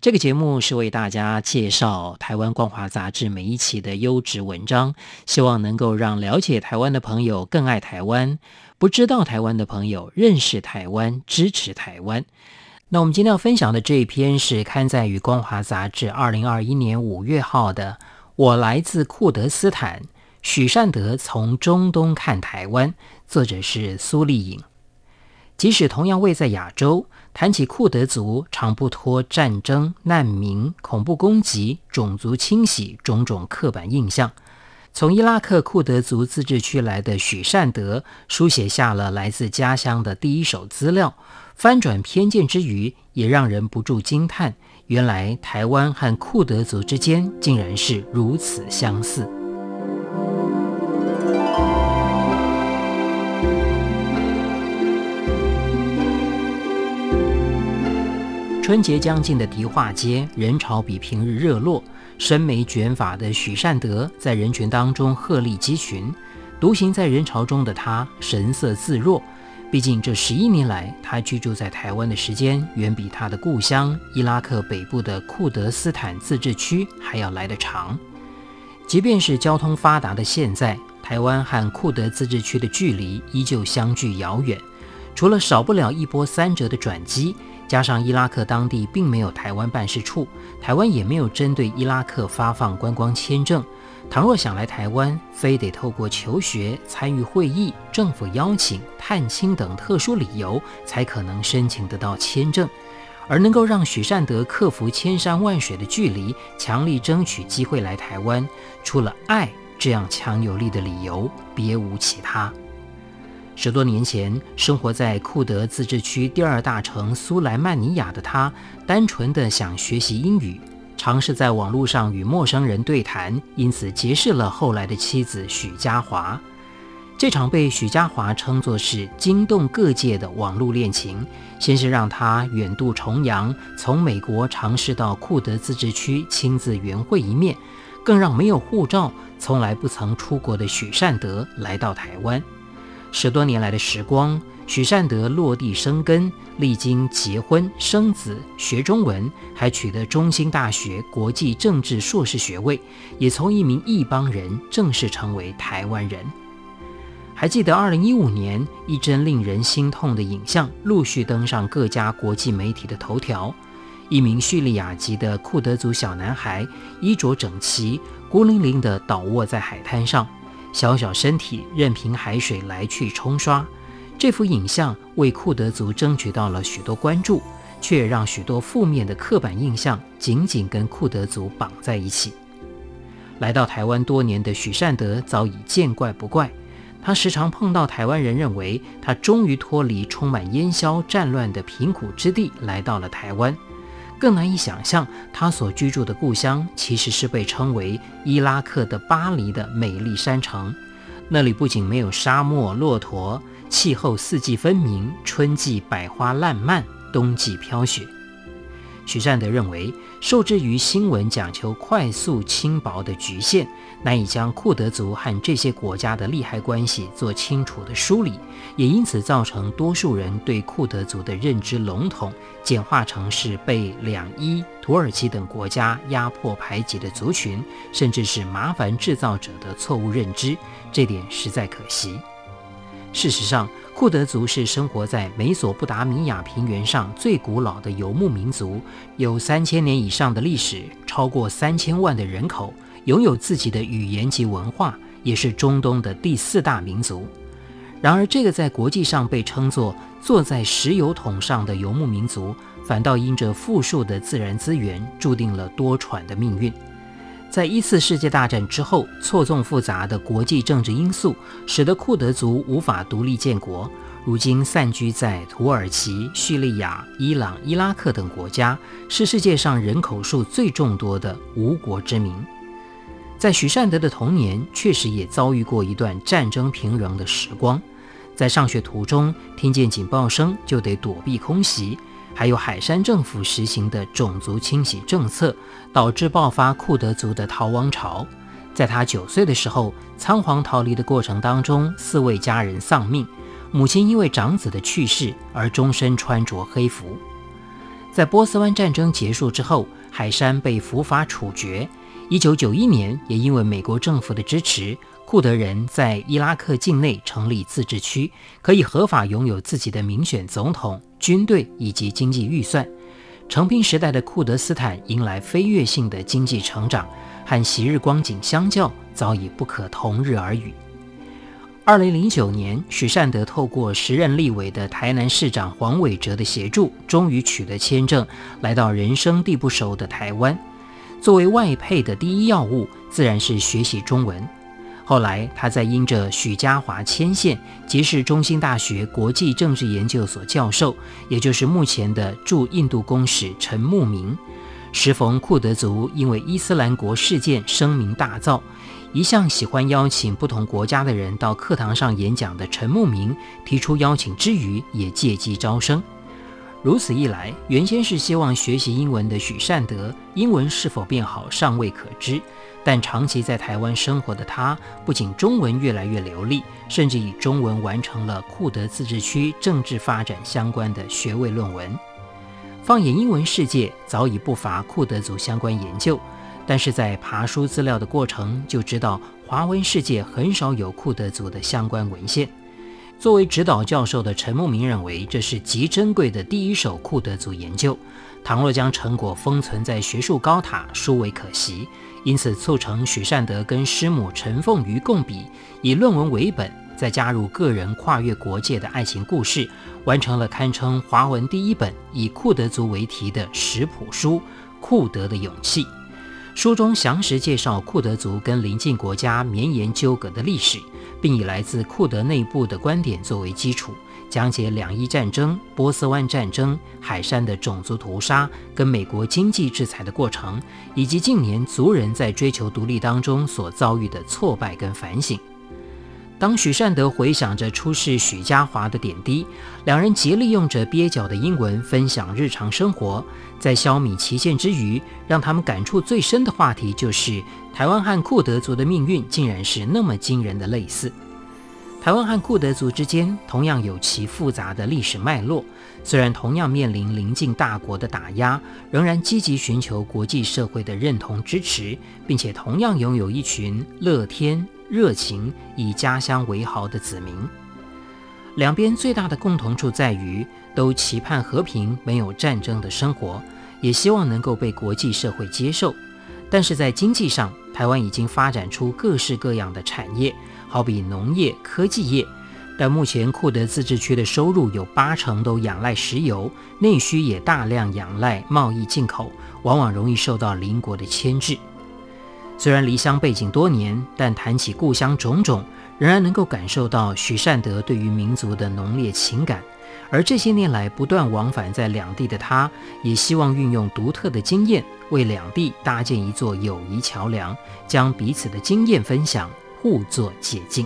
這個節目是為大家介紹台灣光華雜誌每一期的優質文章，希望能夠讓了解台灣的朋友更愛台灣，不知道台灣的朋友認識台灣，支持台灣。那我們今天要分享的這一篇是刊載於《光華雜誌》二零二一年五月號的《我來自庫德斯坦》，許善德從中東看台灣，作者是蘇俐穎。即使同樣位在亞洲。談起庫德族，常不脫戰爭、難民、恐怖攻擊、種族清洗種種刻板印象。從伊拉克庫德族自治區來的許善德，書寫下了來自家鄉的第一手資料。翻轉偏見之餘，也讓人不住驚嘆：原來台灣和庫德族之間竟然是如此相似。春節將近的迪化街，人潮比平日熱絡。深眉捲髮的許善德在人群當中鶴立雞群，獨行在人潮中的他神色自若。畢竟這十一年來，他居住在台灣的時間遠比他的故鄉伊拉克北部的庫德斯坦自治區還要來得長。即便是交通發達的現在，台灣和庫德自治區的距離依舊相距遙遠。除了少不了一波三折的轉機，加上伊拉克當地並沒有台灣辦事處，台灣也沒有針對伊拉克發放觀光簽證。倘若想來台灣，非得透過求學、參與會議、政府邀請、探親等特殊理由，才可能申請得到簽證。而能夠讓許善德克服千山萬水的距離，強力爭取機會來台灣，除了愛這樣強有力的理由，別無其他。十多年前，生活在庫德自治區第二大城蘇萊曼尼亞的他，單純的想學習英語，嘗試在網絡上與陌生人對談，因此結識了後來的妻子許嘉華。這場被許嘉華稱作是驚動各界的網絡戀情，先是讓他遠渡重洋，從美國嘗試到庫德自治區親自圓會一面，更讓沒有護照、從來不曾出國的許善德來到台灣。十多年來的時光，許善德落地生根，歷經結婚、生子、學中文，還取得中興大學國際政治碩士學位，也從一名異邦人正式成為台灣人。還記得2015年，一幀令人心痛的影像陸續登上各家國際媒體的頭條：一名敘利亞籍的庫德族小男孩，衣着整齊，孤零零地倒臥在海灘上。小小身體任憑海水來去沖刷，這幅影像為庫德族爭取到了許多關注，卻讓許多負面的刻板印象緊緊跟庫德族綁在一起。來到台灣多年的許善德早已見怪不怪，他時常碰到台灣人認為他終於脫離充滿煙硝戰亂的貧苦之地，來到了台灣。更難以想象，他所居住的故鄉其實是被稱為“伊拉克的巴黎”的美麗山城，那裡不僅沒有沙漠、駱駝，氣候四季分明，春季百花爛漫，冬季飄雪。許善德認為，受制於新聞講求快速輕薄的局限，難以將庫德族和這些國家的利害關係做清楚的梳理，也因此造成多數人對庫德族的認知籠統、簡化成是被兩伊、土耳其等國家壓迫排擠的族群，甚至是麻煩製造者的錯誤認知，這點實在可惜。事實上，庫德族是生活在美索不達米亞平原上最古老的游牧民族，有三千年以上的歷史，超過三千萬的人口，擁有自己的語言及文化，也是中東的第四大民族。然而，這個在國際上被稱作“坐在石油桶上的游牧民族”，反倒因着富庶的自然資源，注定了多舛的命運。在一次世界大戰之後，錯綜複雜的國際政治因素使得庫德族無法獨立建國。如今散居在土耳其、敘利亞、伊朗、伊拉克等國家，是世界上人口數最眾多的無國之民。在許善德的童年，確實也遭遇過一段戰爭頻仍的時光，在上學途中聽見警報聲就得躲避空襲。還有海珊政府實行的種族清洗政策，導致爆發庫德族的逃亡潮。在他九歲的時候，倉皇逃離的過程當中，四位家人喪命，母親因為長子的去世而終身穿着黑服。在波斯灣戰爭結束之後，海珊被伏法處決。一九九一年，也因為美國政府的支持，庫德人在伊拉克境內成立自治區，可以合法擁有自己的民選總統。軍隊以及經濟預算，承平時代的庫德斯坦迎來飛躍性的經濟成長，和昔日光景相較早已不可同日而語。二零零九年，許善德透過時任立委的台南市長黃偉哲的協助，終於取得簽證，來到人生地不熟的台灣。作為外配的第一要務，自然是學習中文。後來，他在因着許家華牽線，結識中興大學國際政治研究所教授，也就是目前的駐印度公使陳牧民。時逢庫德族因為伊斯蘭國事件聲名大噪，一向喜歡邀請不同國家的人到課堂上演講的陳牧民提出邀請之餘，也借機招生。如此一來，原先是希望學習英文的許善德，英文是否變好尚未可知。但長期在台灣生活的他，不僅中文越來越流利，甚至以中文完成了庫德自治區政治發展相關的學位論文。放眼英文世界，早已不乏庫德族相關研究，但是在爬梳資料的過程，就知道華文世界很少有庫德族的相關文獻。作為指導教授的陳牧民認為，這是極珍貴的第一手庫德族研究。倘若將成果封存在學術高塔，殊為可惜。因此，促成許善德跟師母陳鳳瑜共筆，以論文為本，再加入個人跨越國界的愛情故事，完成了堪稱華文第一本以庫德族為題的史普書《庫德的勇氣》。書中詳實介紹庫德族跟鄰近國家綿延糾葛的歷史，並以來自庫德內部的觀點作為基礎，講解兩伊戰爭、波斯灣戰爭、海珊的種族屠殺、跟美國經濟制裁的過程，以及近年族人在追求獨立當中所遭遇的挫敗跟反省。當許善德回想着初識許家華的點滴，兩人竭力用着蹩腳的英文分享日常生活，在消弭歧見之餘，讓他們感觸最深的話題就是台灣和庫德族的命運竟然是那麼驚人的類似。台灣和庫德族之間同樣有其複雜的歷史脈絡，雖然同樣面臨鄰近大國的打壓，仍然積極尋求國際社會的認同支持，並且同樣擁有一群樂天。熱情以家鄉為豪的子民，兩邊最大的共同處在於都期盼和平、沒有戰爭的生活，也希望能夠被國際社會接受。但是在經濟上，台灣已經發展出各式各樣的產業，好比農業、科技業。但目前庫德自治區的收入有八成都仰賴石油，內需也大量仰賴貿易進口，往往容易受到鄰國的牽制。雖然離鄉背井多年，但談起故鄉種種，仍然能夠感受到許善德對於民族的濃烈情感。而這些年來不斷往返在兩地的他，也希望運用獨特的經驗，為兩地搭建一座友誼橋梁，將彼此的經驗分享，互作借鏡。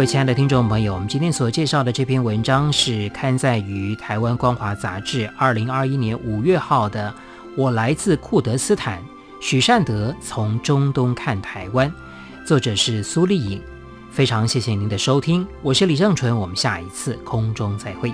各位親愛的聽眾朋友，我們今天所介紹的這篇文章是刊載於台灣光華雜誌二零二一年五月號的《我來自庫德斯坦》，許善德從中東看台灣，作者是蘇俐穎。非常謝謝您的收聽，我是李正淳，我們下一次空中再會。